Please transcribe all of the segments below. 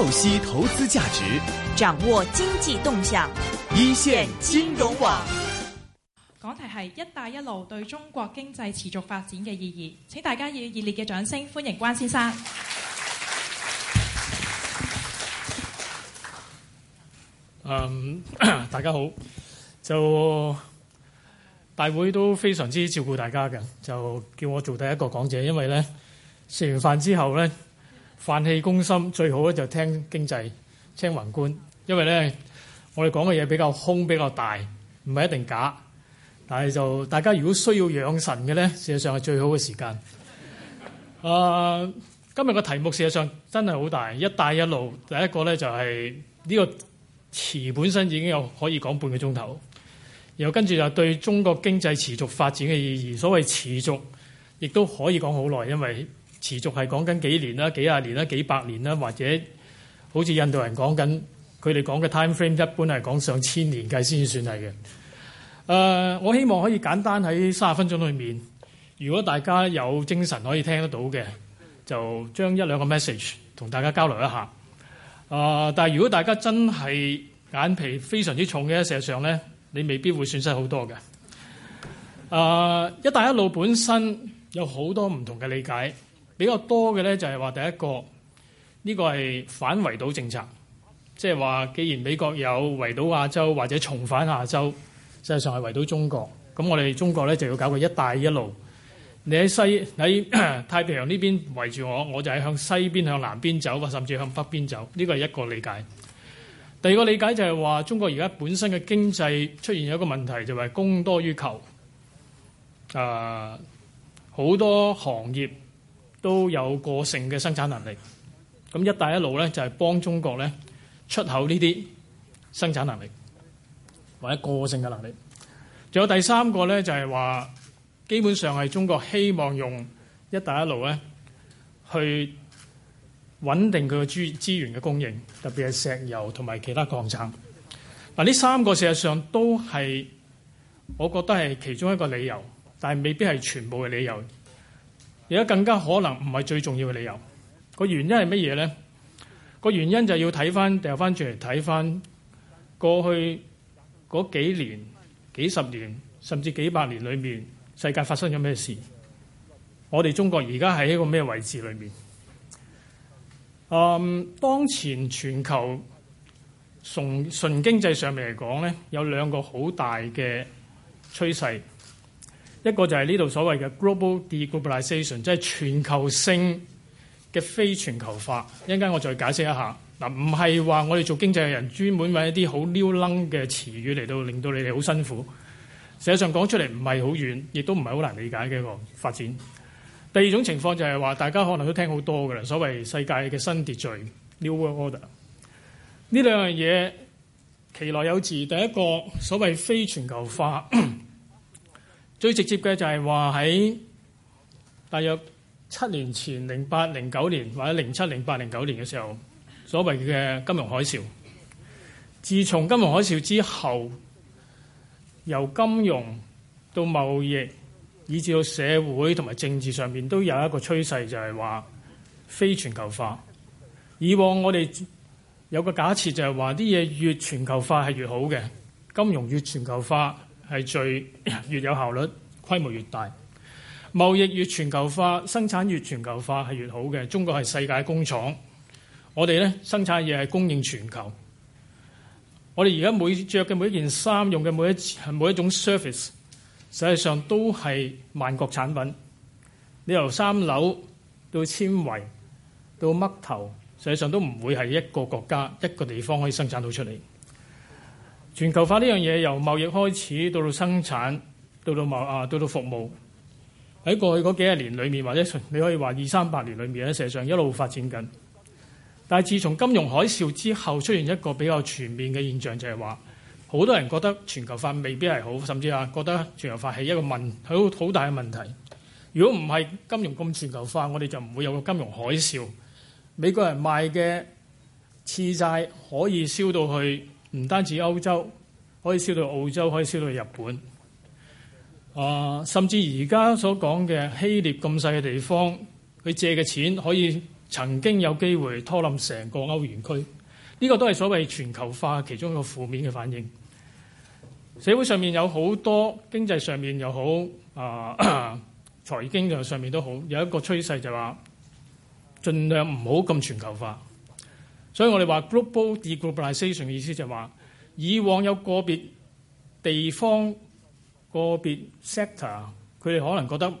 透析投資價值，掌握經濟動向，一線金融網。講題係“一帶一路”對中國經濟持續發展嘅意義，請大家以熱烈嘅掌聲歡迎關先生。嗯，大家好，就大會都非常之照顧大家嘅，就叫我做第一個講者，因為呢食完飯之後呢泛氣攻心最好咧就聽經濟青雲觀，因為咧我哋講嘅嘢比較空比較大，唔係一定假，但係就大家如果需要養神嘅咧，事實上係最好嘅時間。呃，今日個題目事實上真係好大，一帶一路第一個咧就係呢個詞本身已經有可以講半個鐘頭，然後跟住就對中國經濟持續發展嘅意義，所謂持續亦都可以講好耐，因為，持續係講緊幾年啦、幾十年啦、幾百年啦，或者好似印度人講緊，佢哋講嘅 time frame 一般係講上千年計先算係嘅、呃。我希望可以簡單喺三十分鐘裏面，如果大家有精神可以聽得到嘅，就將一兩個 message 同大家交流一下。呃、但係如果大家真係眼皮非常之重嘅，事實上呢，你未必會損失好多嘅、呃。一帶一路本身有好多唔同嘅理解。比較多嘅呢，就係話第一個呢、呢個係反圍堵政策，即係話既然美國有圍堵亞洲或者重返亞洲，實際上係圍堵中國，咁我哋中國呢，就要搞個一帶一路。你喺西喺太平洋呢邊圍住我，我就係向西邊向南邊走，甚至向北邊走。呢個係一個理解。第二個理解就係話中國而家本身嘅經濟出現咗一個問題，就係、係、供多於求。誒、呃，好多行業。都有個性嘅生產能力，咁一帶一路咧就係幫中國咧出口呢啲生產能力或者個性嘅能力。仲有第三個咧就係話，基本上係中國希望用一帶一路咧去穩定佢嘅資資源嘅供應，特別係石油同埋其他礦產。嗱，呢三個事實上都係我覺得係其中一個理由，但係未必係全部嘅理由。而家更加可能唔係最重要嘅理由，個原因係乜嘢呢？個原因就要睇翻掉翻轉嚟睇翻過去嗰幾年、幾十年甚至幾百年裏面，世界發生咗咩事？我哋中國而家喺一個咩位置裏面？嗯，當前全球從純經濟上面嚟講呢，有兩個好大嘅趨勢。一個就係呢度所謂嘅 global deglobalization 即係全球性嘅非全球化。一陣間我再解釋一下。嗱，唔係話我哋做經濟嘅人專門揾一啲好 new l 嘅詞語嚟到令到你哋好辛苦。實際上講出嚟唔係好遠，亦都唔係好難理解嘅一個發展。第二種情況就係、是、話大家可能都聽好多嘅啦，所謂世界嘅新秩序 new world order。呢兩樣嘢其來有自第一個所謂非全球化。 最直接嘅就係話喺大約七年前，零八、零九年或者零七、零八、零九年嘅時候，所謂嘅金融海嘯。自從金融海嘯之後，由金融到貿易，以至到社會同埋政治上面，都有一個趨勢，就係話非全球化。以往我哋有個假設，就係話啲嘢越全球化係越好嘅，金融越全球化。係最越有效率，規模越大，貿易越全球化，生產越全球化係越好嘅。中國係世界工廠，我哋呢生產嘢係供應全球。我哋而家每着嘅每一件衫，用嘅每一每一種 service，實際上都係萬國產品。你由三樓到纖維到嘜頭，實際上都唔會係一個國家一個地方可以生產到出嚟。全球化呢樣嘢由貿易開始，到到生產，到到貿啊，到到服務。喺過去嗰幾十年裏面，或者你可以話二三百年裏面咧，事實上一路發展緊。但係自從金融海嘯之後，出現一個比較全面嘅現象就，就係話好多人覺得全球化未必係好，甚至啊覺得全球化係一個問好好大嘅問題。如果唔係金融咁全球化，我哋就唔會有個金融海嘯。美國人賣嘅次債可以燒到去，唔單止歐洲，可以燒到澳洲，可以燒到日本。啊，甚至而家所講嘅希臘咁細嘅地方，佢借嘅錢可以曾經有機會拖冧成個歐元區。呢個都係所謂全球化其中一個負面嘅反應。社會上面有好多，經濟上面又好，啊，財經上面都好，有一個趨勢就話盡量唔好咁全球化。所以我哋話 global de-globalisation 嘅意思就係話，以往有個別地方、個別 sector，佢哋可能覺得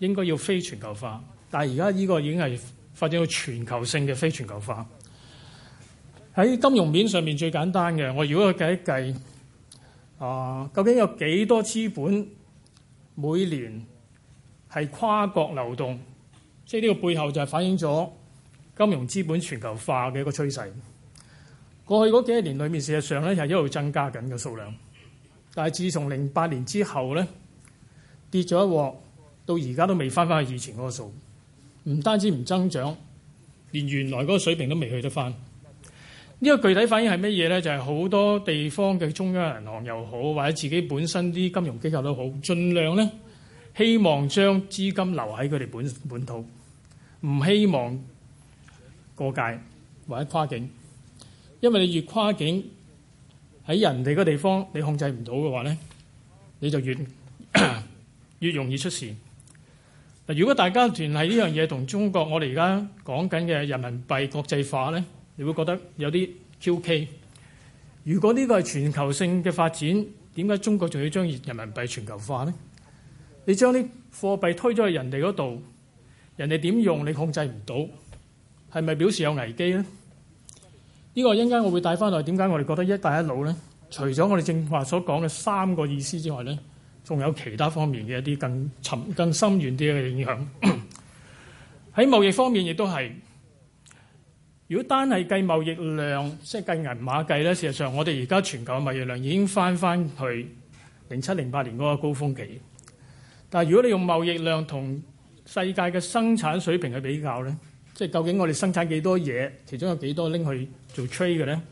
應該要非全球化，但係而家呢個已經係發展到全球性嘅非全球化。喺金融面上面最簡單嘅，我如果去計一計，啊，究竟有幾多資本每年係跨國流動，即係呢個背後就係反映咗金融資本全球化嘅一個趨勢，過去嗰幾年裏面，事實上咧又一路增加緊嘅數量。但係自從零八年之後咧跌咗一鑊，到而家都未翻返去以前嗰個數。唔單止唔增長，連原來嗰個水平都未去得翻。呢、這個具體反映係乜嘢咧？就係、是、好多地方嘅中央銀行又好，或者自己本身啲金融機構都好，盡量咧希望將資金留喺佢哋本本土，唔希望過界或者跨境，因為你越跨境喺人哋個地方，你控制唔到嘅話咧，你就越越容易出事。嗱，如果大家聯繫呢樣嘢同中國，我哋而家講緊嘅人民幣國際化咧，你會覺得有啲蹊蹺。如果呢個係全球性嘅發展，點解中國仲要將人民幣全球化呢？你將啲貨幣推咗去人哋嗰度，人哋點用？你控制唔到。係咪表示有危機呢？呢、這個陣間我會帶翻來。點解我哋覺得一帶一路呢？除咗我哋正話所講嘅三個意思之外呢，仲有其他方面嘅一啲更沉、更深遠啲嘅影響。喺貿 易方面，亦都係，如果單係計貿易量，即係計銀碼計呢，事實上我哋而家全球嘅貿易量已經翻翻去零七零八年嗰個高峰期。但係如果你用貿易量同世界嘅生產水平去比較呢？即究竟我哋生產幾多嘢？其中有幾多拎去做 trade 嘅呢？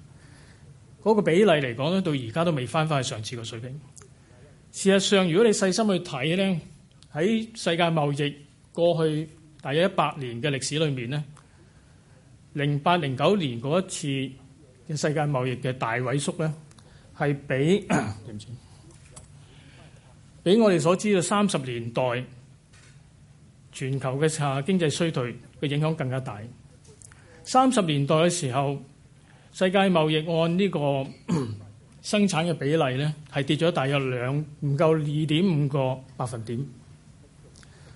嗰、嗰個比例嚟講咧，到而家都未翻翻去上次個水平。事實上，如果你細心去睇呢，喺世界貿易過去大約一百年嘅歷史裏面呢，零八零九年嗰一次嘅世界貿易嘅大萎縮呢，係比比我哋所知嘅三十年代全球嘅下經濟衰退嘅影響更加大。三十年代嘅時候，世界貿易按呢個生產嘅比例呢，係跌咗大約兩唔夠二點五個百分點。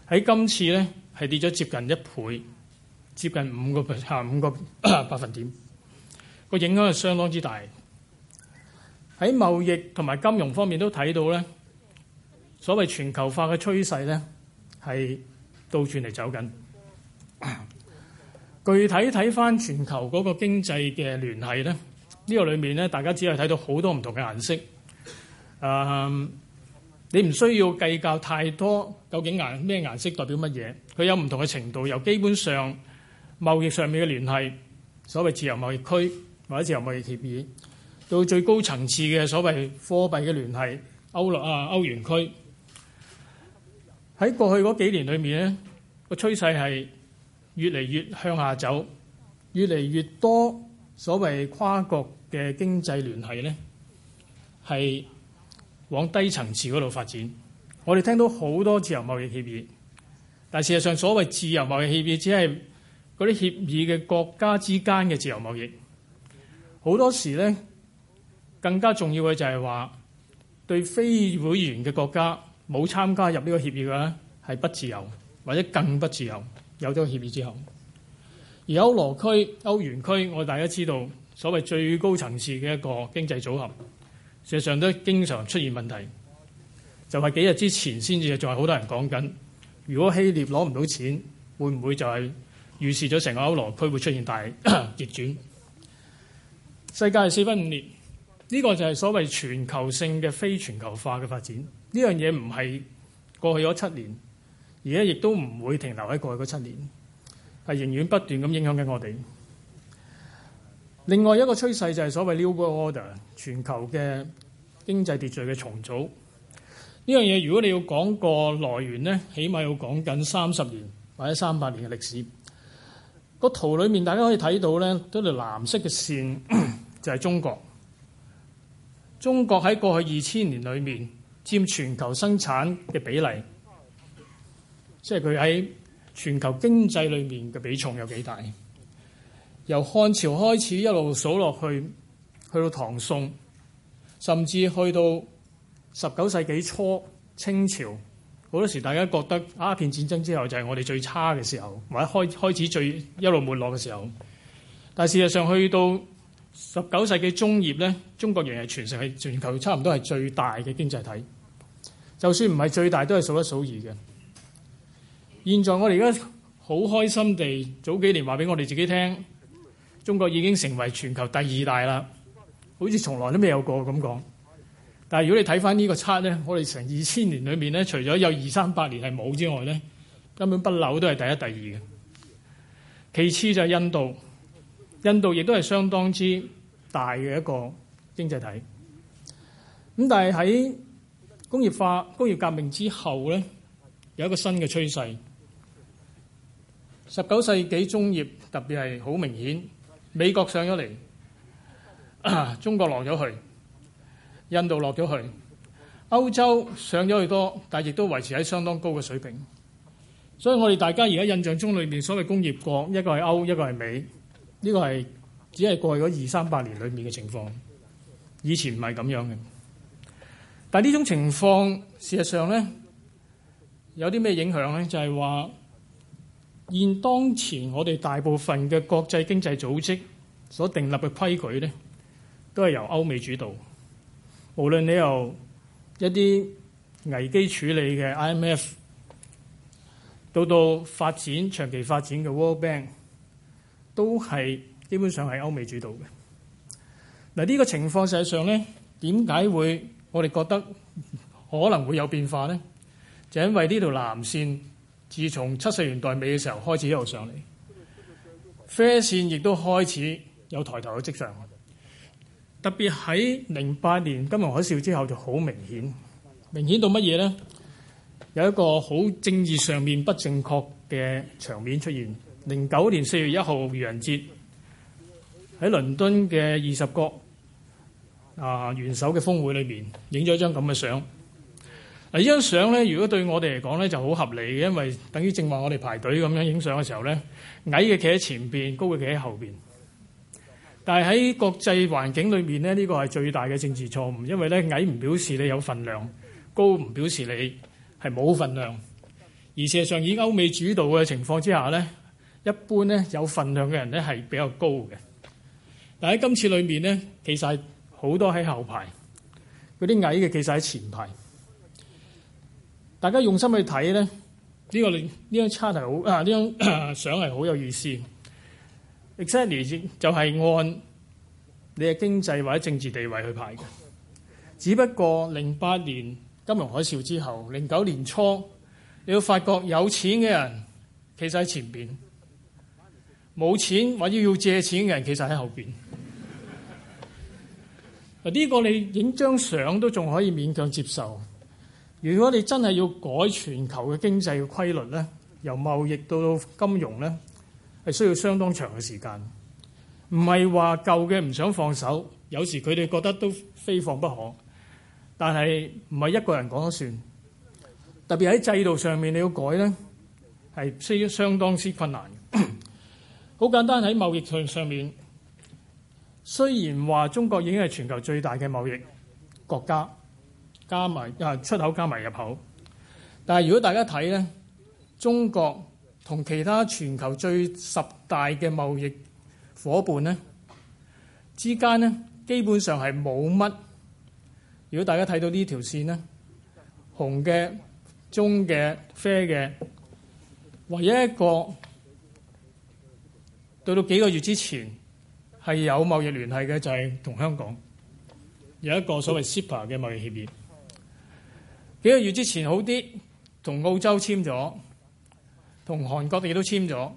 喺今次呢，係跌咗接近一倍，接近五個下五個百分點。個影響係相當之大。喺貿易同埋金融方面都睇到呢，所謂全球化嘅趨勢呢，係倒轉嚟走緊。具體睇返全球嗰個經濟嘅聯繫呢，呢個裏面呢，大家只係睇到好多唔同嘅顏色。誒，你唔需要計較太多究竟顏咩顏色代表乜嘢，佢有唔同嘅程度。由基本上貿易上面嘅聯繫，所謂自由貿易區或者自由貿易協議，到最高層次嘅所謂貨幣嘅聯繫，歐陸啊歐元區。喺過去嗰幾年裏面，呢個趨勢係。越嚟越向下走，越嚟越多所謂跨國嘅經濟聯繫呢，係往低層次嗰度發展。我哋聽到好多自由貿易協議，但事實上所謂自由貿易協議，只係嗰啲協議嘅國家之間嘅自由貿易。好多時呢，更加重要嘅就係話對非會員嘅國家冇參加入呢個協議嘅咧，係不自由或者更不自由。有咗協議之後，而歐羅區、歐元區，我大家知道所謂最高層次嘅一個經濟組合，事實上都經常出現問題。就係、是、幾日之前先至，仲係好多人講緊，如果希臘攞唔到錢，會唔會就係預示咗成個歐羅區會出現大逆 轉？世界四分五裂，呢、這個就係所謂全球性嘅非全球化嘅發展。呢樣嘢唔係過去咗七年。而家亦都唔會停留喺過去嗰七年，係永遠不斷咁影響緊我哋。另外一個趨勢就係所謂 New World Order，全球嘅經濟秩序嘅重組。呢樣嘢，如果你要講個來源呢，起碼要講緊三十年或者三百年嘅歷史。個圖裏面大家可以睇到呢，都係藍色嘅線，就係、是、中國。中國喺過去二千年裏面佔全球生產嘅比例。即係佢喺全球經濟裏面嘅比重有幾大？由漢朝開始一路數落去，去到唐宋，甚至去到十九世紀初清朝。好多時大家覺得鴉片戰爭之後就係我哋最差嘅時候，或者開開始最一路沒落嘅時候。但事實上，去到十九世紀中葉咧，中國仍係全世係全球差唔多係最大嘅經濟體，就算唔係最大都係數一數二嘅。現在我哋而家好開心地，早幾年話俾我哋自己聽，中國已經成為全球第二大啦，好似從來都未有過咁講。但係如果你睇翻呢個測呢，我哋成二千年裏面呢，除咗有二三百年係冇之外呢，根本不嬲都係第一、第二嘅。其次就係印度，印度亦都係相當之大嘅一個經濟體。咁但係喺工業化、工業革命之後呢，有一個新嘅趨勢。十九世紀中葉，特別係好明顯，美國上咗嚟，中國落咗去，印度落咗去，歐洲上咗去多，但亦都維持喺相當高嘅水平。所以我哋大家而家印象中裏面所謂工業國，一個係歐，一個係美，呢個係只係過去嗰二三百年裏面嘅情況。以前唔係咁樣嘅，但係呢種情況事實上呢，有啲咩影響呢？就係話。現當前我哋大部分嘅國際經濟組織所訂立嘅規矩咧，都係由歐美主導。無論你由一啲危機處理嘅 IMF，到到發展長期發展嘅 World Bank，都係基本上係歐美主導嘅。嗱，呢個情況實際上咧，點解會我哋覺得可能會有變化咧？就因為呢條藍線。自從七十年代尾嘅時候開始一路上嚟，啡線亦都開始有抬頭嘅跡象。特別喺零八年金融海嘯之後就好明顯，明顯到乜嘢呢？有一個好政治上面不正確嘅場面出現。零九年四月一號愚人節喺倫敦嘅二十國啊元首嘅峰會裏面，影咗一張咁嘅相。嗱，呢張相咧，如果對我哋嚟講咧，就好合理嘅，因為等於正話我哋排隊咁樣影相嘅時候咧，矮嘅企喺前面，高嘅企喺後面。但係喺國際環境裏面呢，呢個係最大嘅政治錯誤，因為咧矮唔表示你有份量，高唔表示你係冇份量。而事實上，以歐美主導嘅情況之下呢，一般呢，有份量嘅人呢係比較高嘅。但喺今次裏面呢，其實好多喺後排，嗰啲矮嘅其實喺前排。大家用心去睇咧，呢個呢張差題好啊，呢張相係好有意思。exactly 就係按你嘅經濟或者政治地位去排嘅。只不過零八年金融海嘯之後，零九年初，你要發覺有錢嘅人其實喺前面，冇錢或者要借錢嘅人其實喺後面。呢 個你影張相都仲可以勉強接受。如果你真係要改全球嘅經濟嘅規律呢，由貿易到金融呢，係需要相當長嘅時間。唔係話舊嘅唔想放手，有時佢哋覺得都非放不可，但係唔係一個人講得算。特別喺制度上面你要改呢，係需要相當之困難。好簡單喺貿易上面，雖然話中國已經係全球最大嘅貿易國家。加埋啊出口加埋入口，但係如果大家睇咧，中國同其他全球最十大嘅貿易夥伴咧之間咧，基本上係冇乜。如果大家睇到呢條線咧，紅嘅、棕嘅、啡嘅，唯一一個到到幾個月之前係有貿易聯繫嘅就係、是、同香港有一個所謂 CEPA 嘅貿易協議。幾個月之前好啲，同澳洲簽咗，同韓國亦都簽咗。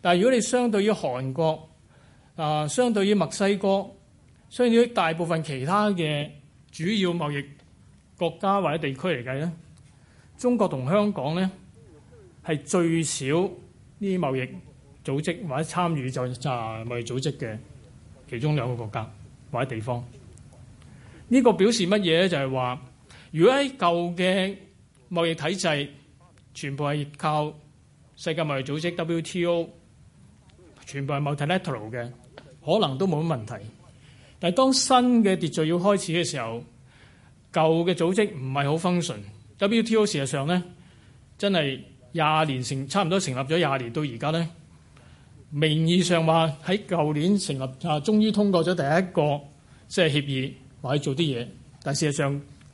但係如果你相對於韓國，啊相對於墨西哥，相對於大部分其他嘅主要貿易國家或者地區嚟計咧，中國同香港咧係最少呢啲貿易組織或者參與就係貿易組織嘅其中兩個國家或者地方。呢個表示乜嘢咧？就係話。如果喺舊嘅貿易體制，全部係靠世界貿易組織 WTO，全部係 multilateral 嘅，可能都冇乜問題。但係當新嘅秩序要開始嘅時候，舊嘅組織唔係好 function。WTO 事實上咧，真係廿年成差唔多成立咗廿年到而家咧，名義上話喺舊年成立啊，終於通過咗第一個即係協議，話要做啲嘢，但事實上。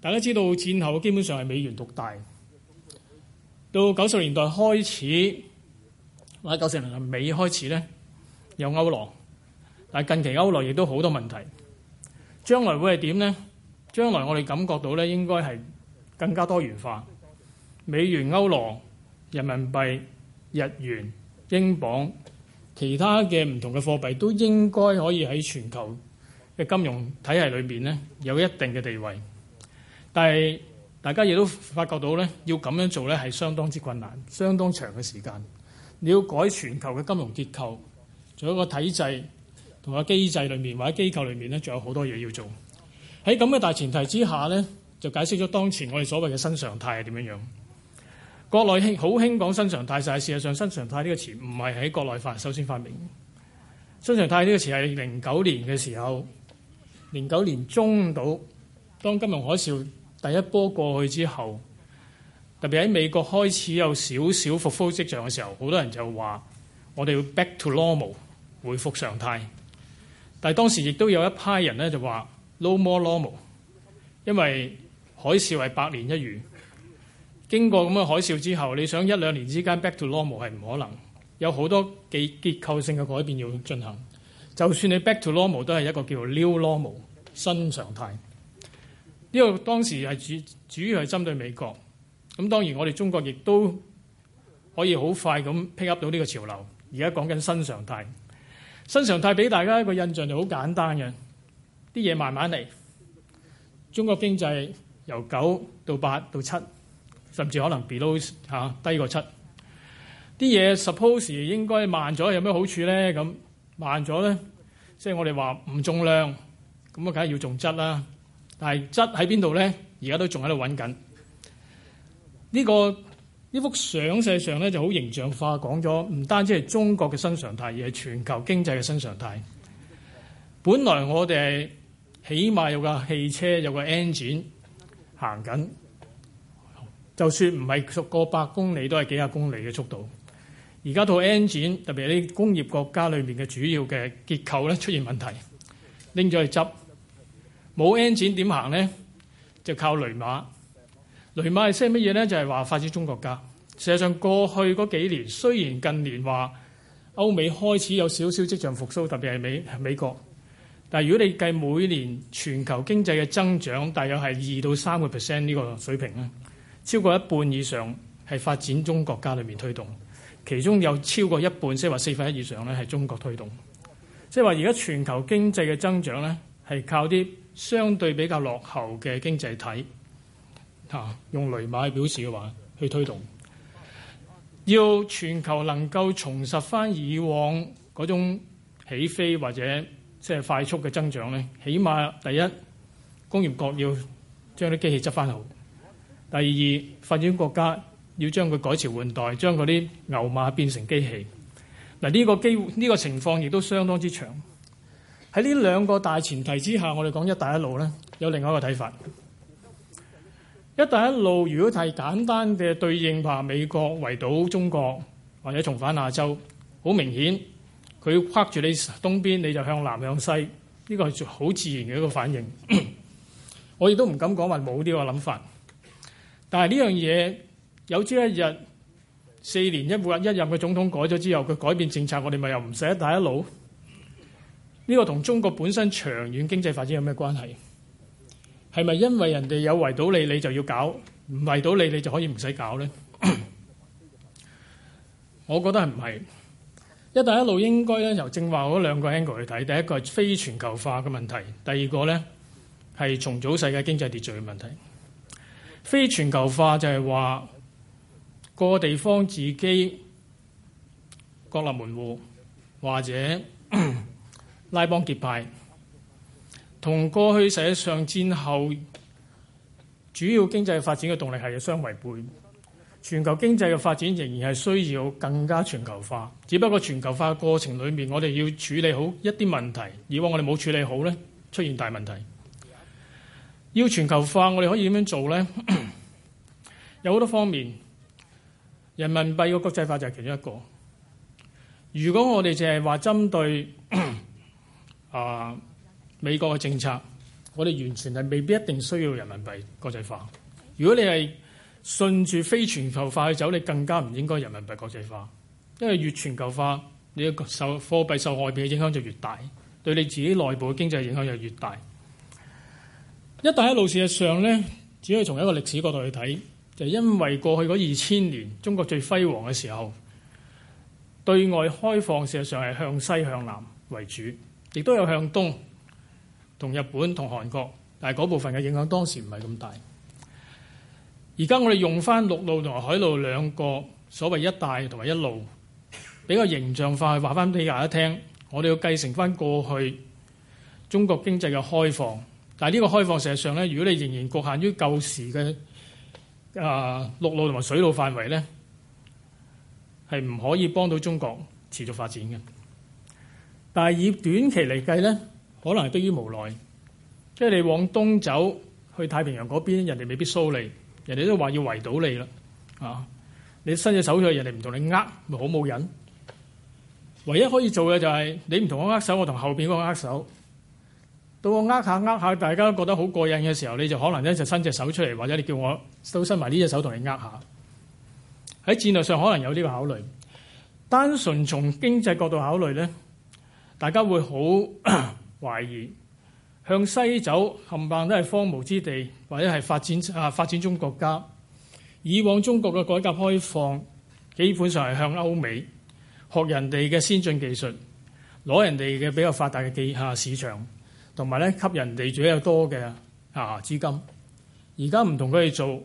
大家知道戰後基本上係美元獨大。到九十年代開始，或者九十年代尾開始咧有歐羅，但近期歐羅亦都好多問題。將來會係點呢？將來我哋感覺到咧，應該係更加多元化。美元、歐羅、人民幣、日元、英鎊，其他嘅唔同嘅貨幣都應該可以喺全球嘅金融體系裏面咧有一定嘅地位。但係，大家亦都發覺到咧，要咁樣做咧係相當之困難，相當長嘅時間。你要改全球嘅金融結構，仲有一個體制同個機制裏面，或者機構裏面咧，仲有好多嘢要做。喺咁嘅大前提之下咧，就解釋咗當前我哋所謂嘅新常態係點樣樣。國內興好興講新常態，但係事實上新常態呢個詞唔係喺國內發首先發明。新常態呢個詞係零九年嘅時候，零九年中島當金融海嘯。第一波過去之後，特別喺美國開始有少少復蘇跡象嘅時候，好多人就話：我哋要 back to normal，回復常態。但係當時亦都有一批人呢，就話：no more normal，因為海嘯係百年一遇。經過咁嘅海嘯之後，你想一兩年之間 back to normal 係唔可能，有好多幾結構性嘅改變要進行。就算你 back to normal 都係一個叫 new normal 新常態。呢個當時係主主要係針對美國，咁當然我哋中國亦都可以好快咁 pick up 到呢個潮流。而家講緊新常態，新常態俾大家一個印象就好簡單嘅，啲嘢慢慢嚟。中國經濟由九到八到七，甚至可能 below 下低過七。啲嘢 suppose 應該慢咗，有咩好處咧？咁慢咗咧，即係我哋話唔重量，咁啊梗係要重質啦。但係質喺邊度咧？而家都仲喺度揾緊呢個，呢幅相，實際上咧，就好形象化講咗，唔單止係中國嘅新常態，而係全球經濟嘅新常態。本來我哋起碼有架汽車有個 engine 行緊，就算唔係過百公里，都係幾廿公里嘅速度現在。而家套 engine，特別係啲工業國家裏面嘅主要嘅結構咧出現問題，拎咗去執。冇 N 展點行呢？就靠雷馬。雷馬係即係乜嘢呢？就係話發展中國家。事實上過去嗰幾年，雖然近年話歐美開始有少少跡象復甦，特別係美美國。但係如果你計每年全球經濟嘅增長，大約係二到三個 percent 呢個水平咧，超過一半以上係發展中國家裏面推動。其中有超過一半，即係話四分一以上咧，係中國推動。即係話而家全球經濟嘅增長呢，係靠啲相對比較落後嘅經濟體，嚇用雷馬表示嘅話，去推動，要全球能夠重拾翻以往嗰種起飛或者即係快速嘅增長呢，起碼第一，工業國要將啲機器執翻好；第二，發展國家要將佢改朝換代，將嗰啲牛馬變成機器。嗱，呢個機呢、呢個情況亦都相當之長。喺呢兩個大前提之下，我哋講一帶一路呢，有另外一個睇法。一帶一路如果太簡單嘅對應，怕美國圍堵中國或者重返亞洲，好明顯佢框住你東邊，你就向南向西，呢個係好自然嘅一個反應。 我亦都唔敢講話冇呢個諗法，但係呢樣嘢有朝一日四年一任一任嘅總統改咗之後，佢改變政策，我哋咪又唔使「一帶一路」？呢個同中國本身長遠經濟發展有咩關係？係咪因為人哋有圍堵你，你就要搞；唔圍堵你，你就可以唔使搞呢？ 我覺得係唔係一帶一路應該咧由正話嗰兩個 angle 去睇？第一個係非全球化嘅問題，第二個呢係重組世界經濟秩序嘅問題。非全球化就係話各地方自己國立門戶或者， 拉幫結派，同過去世界上戰後主要經濟發展嘅動力係相違背。全球經濟嘅發展仍然係需要更加全球化，只不過全球化的過程裏面，我哋要處理好一啲問題。以往我哋冇處理好呢，出現大問題。要全球化，我哋可以點樣做呢？ 有好多方面，人民幣嘅國際化就係其中一個。如果我哋淨係話針對， 啊！美國嘅政策，我哋完全係未必一定需要人民幣國際化。如果你係順住非全球化去走，你更加唔應該人民幣國際化，因為越全球化，你受貨幣受外邊嘅影響就越大，對你自己內部嘅經濟影響就越大。一帶一路事實上呢，只可以從一個歷史角度去睇，就係因為過去嗰二千年中國最輝煌嘅時候，對外開放事實上係向西向南為主。亦都有向東同日本同韓國，但係嗰部分嘅影響當時唔係咁大。而家我哋用翻陸路同海路兩個所謂一帶同埋一路，比較形象化去話翻俾大家聽。我哋要繼承翻過去中國經濟嘅開放，但係呢個開放實質上呢，如果你仍然局限於舊時嘅啊陸路同埋水路範圍呢，係唔可以幫到中國持續發展嘅。但係以短期嚟計咧，可能係逼於無奈，即係你往東走去太平洋嗰邊，人哋未必收你，人哋都話要圍堵你啦，啊！你伸隻手出去，人哋唔同你握，咪好冇癮。唯一可以做嘅就係你唔同我握手，我同後邊嗰個握手，到我握下握下，大家都覺得好過癮嘅時候，你就可能咧就伸隻手出嚟，或者你叫我都伸埋呢隻手同你握下。喺戰略上可能有呢個考慮，單純從經濟角度考慮咧。大家會好懷疑，向西走冚唪都係荒蕪之地，或者係發展啊發展中國家。以往中國嘅改革開放基本上係向歐美學人哋嘅先進技術，攞人哋嘅比較發達嘅地下市場，同埋咧給人哋比較多嘅啊資金。而家唔同佢哋做，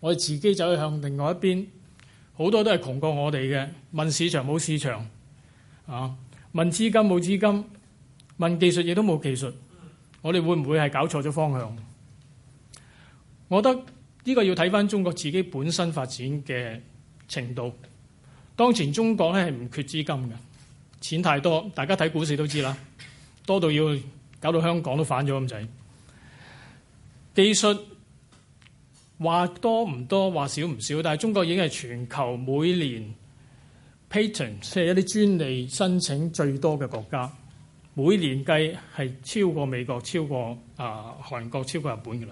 我哋自己走去向另外一邊，好多都係窮過我哋嘅，問市場冇市場啊！問資金冇資金，問技術亦都冇技術，我哋會唔會係搞錯咗方向？我覺得呢個要睇翻中國自己本身發展嘅程度。當前中國咧係唔缺資金嘅，錢太多，大家睇股市都知啦，多到要搞到香港都反咗咁滯。技術話多唔多，話少唔少，但係中國已經係全球每年。Patent 即係一啲專利申請最多嘅國家，每年計係超過美國、超過啊、呃、韓國、超過日本㗎喇。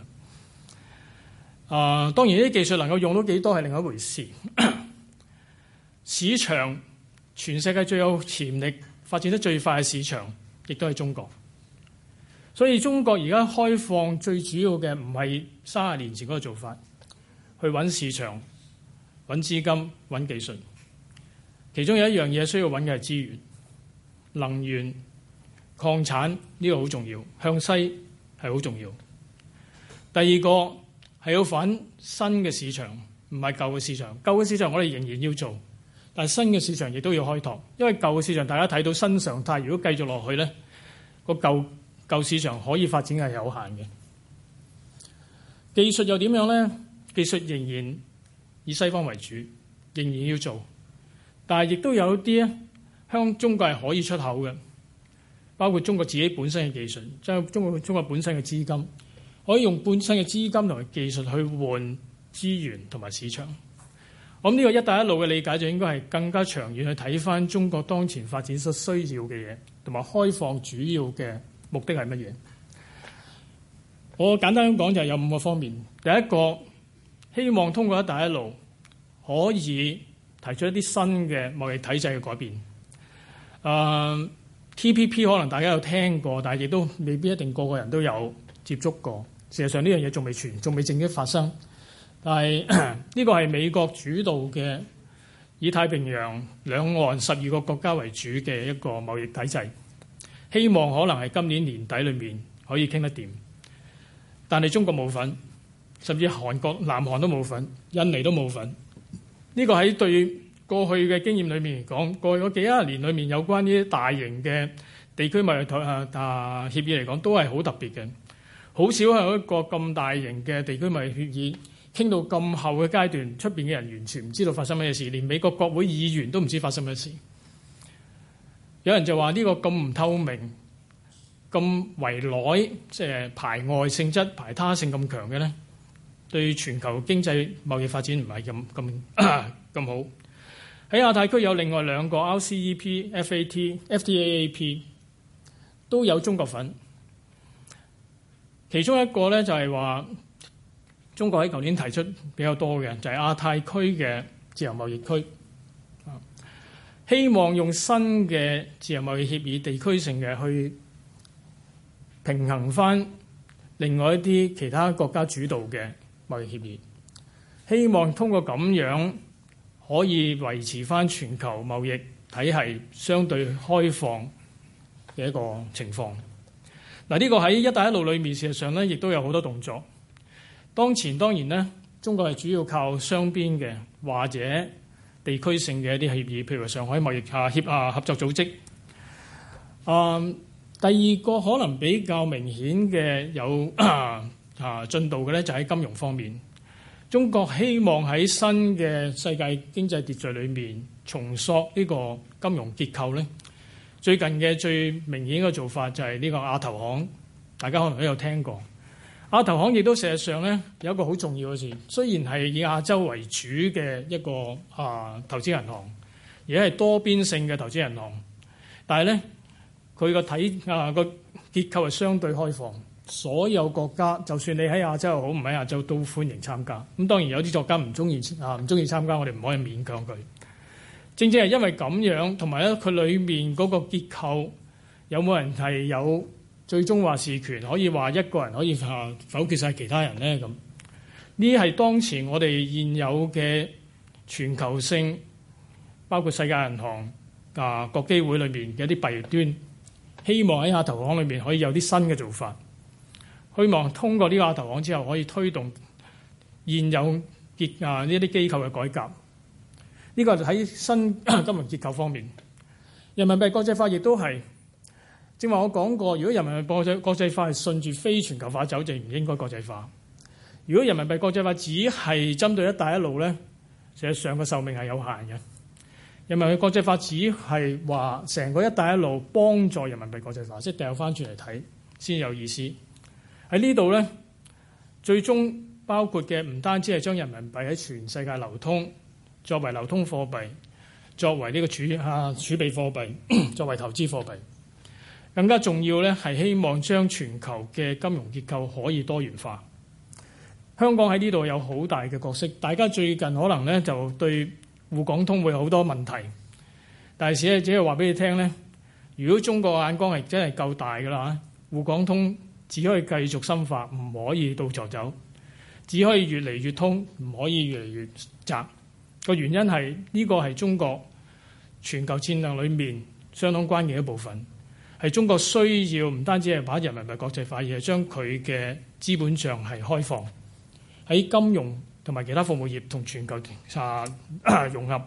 啊、呃，當然呢啲技術能夠用到幾多係另一回事。 市場全世界最有潛力、發展得最快嘅市場，亦都係中國。所以中國而家開放最主要嘅唔係三十年前嗰個做法，去揾市場、揾資金、揾技術。其中有一樣嘢需要揾嘅係資源、能源、礦產，呢個好重要，向西係好重要。第二個係要揾新嘅市場，唔係舊嘅市場。舊嘅市場我哋仍然要做，但新嘅市場亦都要開拓。因為舊嘅市場大家睇到新常態，如果繼續落去呢個舊，舊市場可以發展係有限嘅。技術又點樣呢？技術仍然以西方為主，仍然要做。但亦都有啲咧，向中國係可以出口嘅，包括中國自己本身嘅技術，即係中國中國本身嘅資金可以用本身嘅資金同埋技術去換資源同埋市場。我諗呢個一帶一路嘅理解就應該係更加長遠去睇翻中國當前發展所需要嘅嘢，同埋開放主要嘅目的係乜嘢？我簡單咁講就係有五個方面。第一個，希望通過一帶一路可以。提出一啲新嘅貿易體制嘅改變。呃，TPP 可能大家有聽過，但係亦都未必一定個個人都有接觸過。事實上呢樣嘢仲未傳，仲未正式發生。但係呢個係美國主導嘅，以太平洋兩岸十二個國家為主嘅一個貿易體制，希望可能係今年年底裏面可以傾得掂。但係中國冇份，甚至韓國、南韓都冇份，印尼都冇份。呢個喺對過去嘅經驗裏面嚟講，過去嗰幾廿年裏面有關呢啲大型嘅地區貿易協議嚟講，都係好特別嘅，好少係一個咁大型嘅地區貿易協議傾到咁後嘅階段，出邊嘅人完全唔知道發生乜嘢事，連美國國會議員都唔知道發生乜事。有人就話呢、這個咁唔透明、咁圍內、即、就、係、是、排外性質、排他性咁強嘅呢。對全球經濟貿易發展唔係咁咁咁好。喺亞太區有另外兩個 RCEP、FAT、FTAAP 都有中國份。其中一個咧就係話中國喺舊年提出比較多嘅，就係亞太區嘅自由貿易區，希望用新嘅自由貿易協議、地區性嘅去平衡翻另外一啲其他國家主導嘅。貿易協議，希望通過咁樣可以維持翻全球貿易體系相對開放嘅一個情況。嗱、啊，呢、呢個喺一帶一路裏面，事實上呢亦都有好多動作。當前當然呢，中國係主要靠雙邊嘅或者地區性嘅一啲協議，譬如上海貿易協啊協合作組織。啊，第二個可能比較明顯嘅有 啊，進度嘅咧就喺金融方面。中國希望喺新嘅世界經濟秩序裏面重塑呢個金融結構咧。最近嘅最明顯嘅做法就係呢個亞投行，大家可能都有聽過。亞投行亦都事實上咧有一個好重要嘅事，雖然係以亞洲為主嘅一個啊投資銀行，而係多邊性嘅投資銀行，但係咧佢個體啊個結構係相對開放。所有國家，就算你喺亞洲好，唔喺亞洲都歡迎參加。咁當然有啲作家唔中意啊，唔中意參加，我哋唔可以勉強佢。正正係因為咁樣，同埋咧，佢裏面嗰個結構有冇人係有最終話事權，可以話一個人可以、啊、否決晒其他人呢？咁呢係當前我哋現有嘅全球性，包括世界銀行啊、國基會裏面嘅一啲弊端，希望喺亞投行裏面可以有啲新嘅做法。希望通過呢個亞投行之後，可以推動現有結啊呢啲機構嘅改革。呢個就喺新金融結構方面，人民幣國際化亦都係。正話我講過，如果人民幣國際國際化係順住非全球化走，就唔應該國際化。如果人民幣國際化只係針對一帶一路咧，實際上嘅壽命係有限嘅。人民幣國際化只係話成個一帶一路幫助人民幣國際化，即係掉翻轉嚟睇先有意思。喺呢度呢，最終包括嘅唔單止係將人民幣喺全世界流通，作為流通貨幣，作為呢個儲啊儲備貨幣，作為投資貨幣，更加重要呢係希望將全球嘅金融結構可以多元化。香港喺呢度有好大嘅角色，大家最近可能呢就對滬港通會有好多問題，但係只係只係話俾你聽呢，如果中國眼光係真係夠大嘅啦嚇，滬港通。只可以繼續深化，唔可以倒錯走；只可以越嚟越通，唔可以越嚟越窄。個原因係呢個係中國全球戰略裏面相當關鍵的一部分，係中國需要唔單止係把人民幣國際化，而係將佢嘅資本上係開放喺金融同埋其他服務業同全球融合。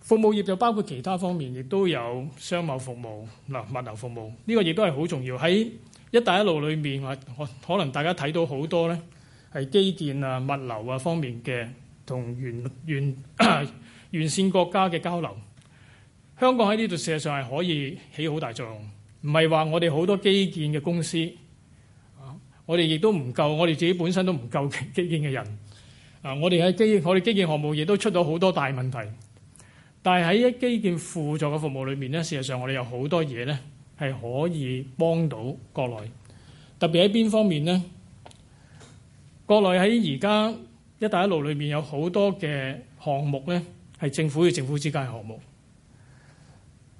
服務業就包括其他方面，亦都有商貿服務嗱、物流服務呢、呢個亦都係好重要喺。一帶一路裏面，我可能大家睇到好多咧，係基建啊、物流啊方面嘅同沿沿沿線國家嘅交流。香港喺呢度事實上係可以起好大作用，唔係話我哋好多基建嘅公司，我哋亦都唔夠，我哋自己本身都唔夠基建嘅人。啊，我哋喺基我哋基建項目亦都出到好多大問題，但係喺一基建輔助嘅服務裏面呢，事實上我哋有好多嘢咧。係可以幫到國內，特別喺邊方面呢？國內喺而家「一帶一路」裏面有好多嘅項目呢，係政府與政府之間嘅項目。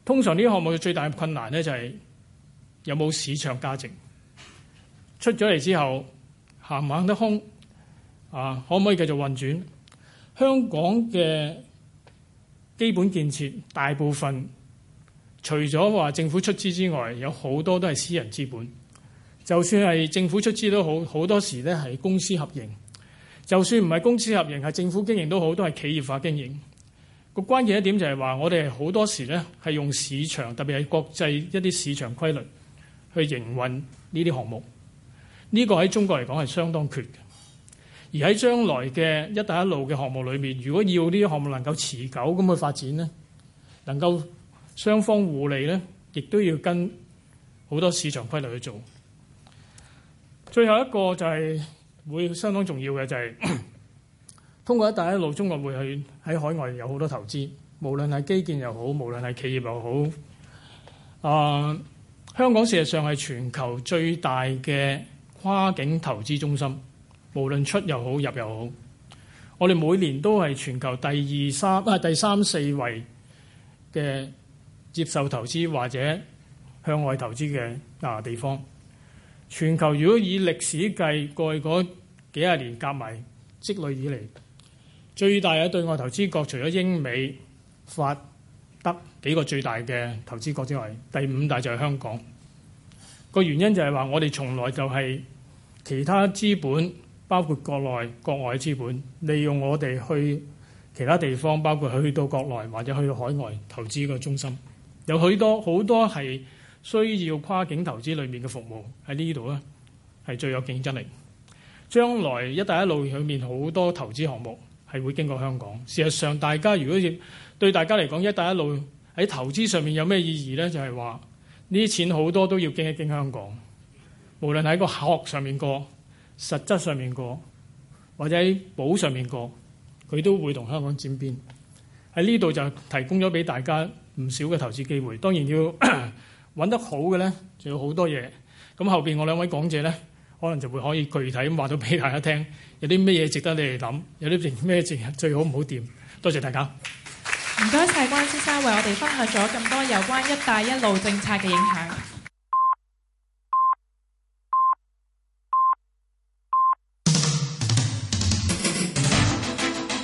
通常呢啲項目嘅最大困難呢，就係有冇市場價值。出咗嚟之後，行唔行得空？啊，可唔可以繼續運轉？香港嘅基本建設大部分。除咗話政府出資之外，有好多都係私人資本。就算係政府出資都好，好多時咧係公私合營。就算唔係公私合營，係政府經營都好，都係企業化經營。個關鍵一點就係話，我哋好多時咧係用市場，特別係國際一啲市場規律去營運呢啲項目。呢個喺中國嚟講係相當缺嘅。而喺將來嘅一帶一路嘅項目裏面，如果要呢啲項目能夠持久咁去發展，呢能夠。雙方互利呢，亦都要跟好多市場規律去做。最後一個就係會相當重要嘅，就係通過一帶一路，中國會去喺海外有好多投資，無論係基建又好，無論係企業又好。啊，香港事實上係全球最大嘅跨境投資中心，無論出又好，入又好，我哋每年都係全球第二三啊第三四位嘅。接受投資或者向外投資嘅啊地方，全球如果以歷史計，過去嗰幾十年夾埋積累以嚟，最大嘅對外投資國除咗英美法德幾個最大嘅投資國之外，第五大就係香港。個原因就係話，我哋從來就係其他資本，包括國內國外資本，利用我哋去其他地方，包括去到國內或者去到海外投資個中心。有許多好多係需要跨境投資裏面嘅服務，喺呢度呢係最有競爭力。將來一帶一路裏面好多投資項目係會經過香港。事實上，大家如果要對大家嚟講，一帶一路喺投資上面有咩意義呢？就係話呢啲錢好多都要經一經香港，無論喺個殼上面過、實質上面過，或者喺保上面過，佢都會同香港沾邊，喺呢度就提供咗俾大家，唔少嘅投資機會，當然要揾 得好嘅呢，仲有好多嘢。咁後邊我兩位講者呢，可能就會可以具體咁話到俾大家聽，有啲咩嘢值得你哋諗，有啲咩嘢最好唔好掂。多謝大家。唔該晒關先生，為我哋分享咗咁多有關一帶一路政策嘅影響。